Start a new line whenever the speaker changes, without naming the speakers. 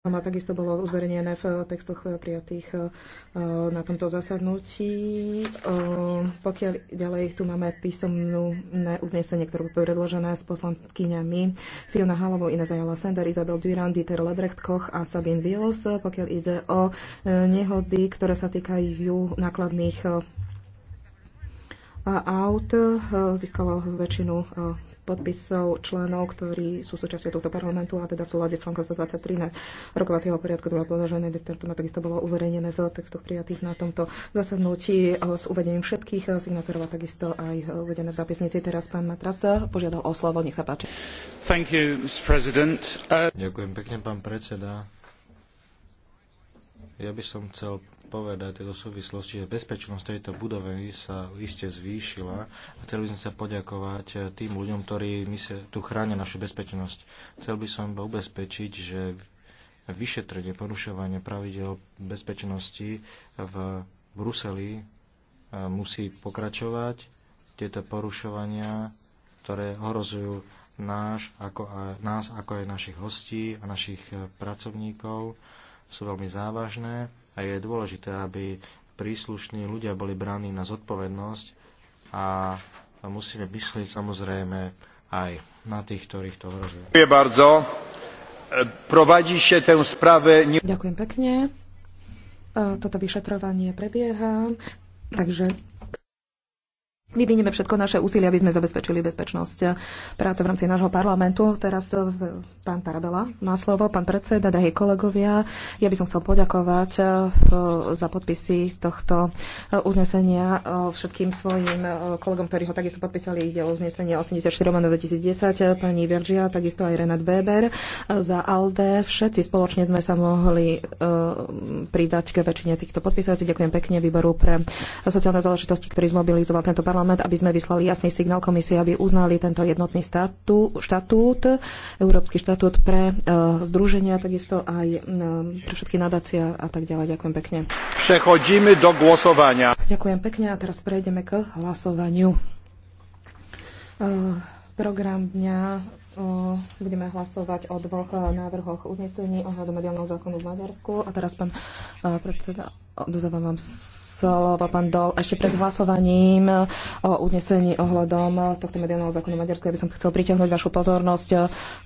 a takisto bolo uverejnené v textoch eh, prijatých eh, eh, na tomto zasadnutí. Pokiaľ ďalej tu máme písomnú uznesenie, ktoré bolo predložené s poslankyňami Fiona Halovou, Ina Zajala Sender, Izabel Durand, Dieter Lebrecht Koch a Sabin Wills, pokiaľ ide o nehody, ktoré sa týkajú nákladných aut, získalo väčšinu podpisov členov, ktorí sú súčasťou tohto parlamentu a teda v súlade s článkom 123 na rokovacieho poriadku, ktoré bolo dožené distantom a takisto bolo uverejnené v textoch prijatých na tomto zasadnutí eh, s uvedením všetkých eh, signatárov a takisto aj eh, uvedené v zápisnici. Teraz pán Matras požiadal o slovo, nech sa páči.
Thank you, Mr. President. Uh... Ďakujem pekne, pán predseda. Ja by som chcel povedať tieto súvislosti, že bezpečnosť tejto budovy sa iste zvýšila a chcel by som sa poďakovať tým ľuďom, ktorí my sa tu chránia našu bezpečnosť. Chcel by som iba ubezpečiť, že vyšetrenie porušovania pravidel bezpečnosti v Bruseli e, musí pokračovať. Tieto porušovania, ktoré horozujú náš, ako aj, nás, ako aj našich hostí a našich e, pracovníkov, sú veľmi závažné a je dôležité, aby príslušní ľudia boli braní na zodpovednosť a musíme myslieť samozrejme aj na tých, ktorých to hrozí. Ďakujem pekne. E,
Toto vyšetrovanie prebieha, takže Vyvinieme všetko naše úsilie, aby sme zabezpečili bezpečnosť práce v rámci nášho parlamentu. Teraz e, pán Tarabela má slovo, pán predseda, drahí kolegovia. Ja by som chcel poďakovať e, za podpisy tohto e, uznesenia všetkým svojim kolegom, ktorí ho takisto podpísali. Ide o uznesenie 84 2010, pani Veržia, takisto aj Renat Weber za ALDE. Všetci spoločne sme sa mohli pridať k väčšine týchto podpisov. Ďakujem pekne výboru pre sociálne záležitosti, ktorý zmobilizoval tento parlament parlament, aby sme vyslali jasný signál komisie, aby uznali tento jednotný statú, štatút, Európsky štatút pre uh, združenia, takisto aj um, pre všetky nadácia a tak ďalej. Ďakujem pekne.
Prechodíme do hlasovania.
Ďakujem pekne a teraz prejdeme k hlasovaniu. Uh, program dňa budeme hlasovať o dvoch návrhoch uznesení ohľadom mediálneho zákonu v Maďarsku. A teraz, pán predseda, dozávam vám slovo pán Dol. Ešte pred hlasovaním eh, o uznesení ohľadom eh, tohto mediálneho zákona Maďarska ja by som chcel priťahnuť vašu pozornosť eh,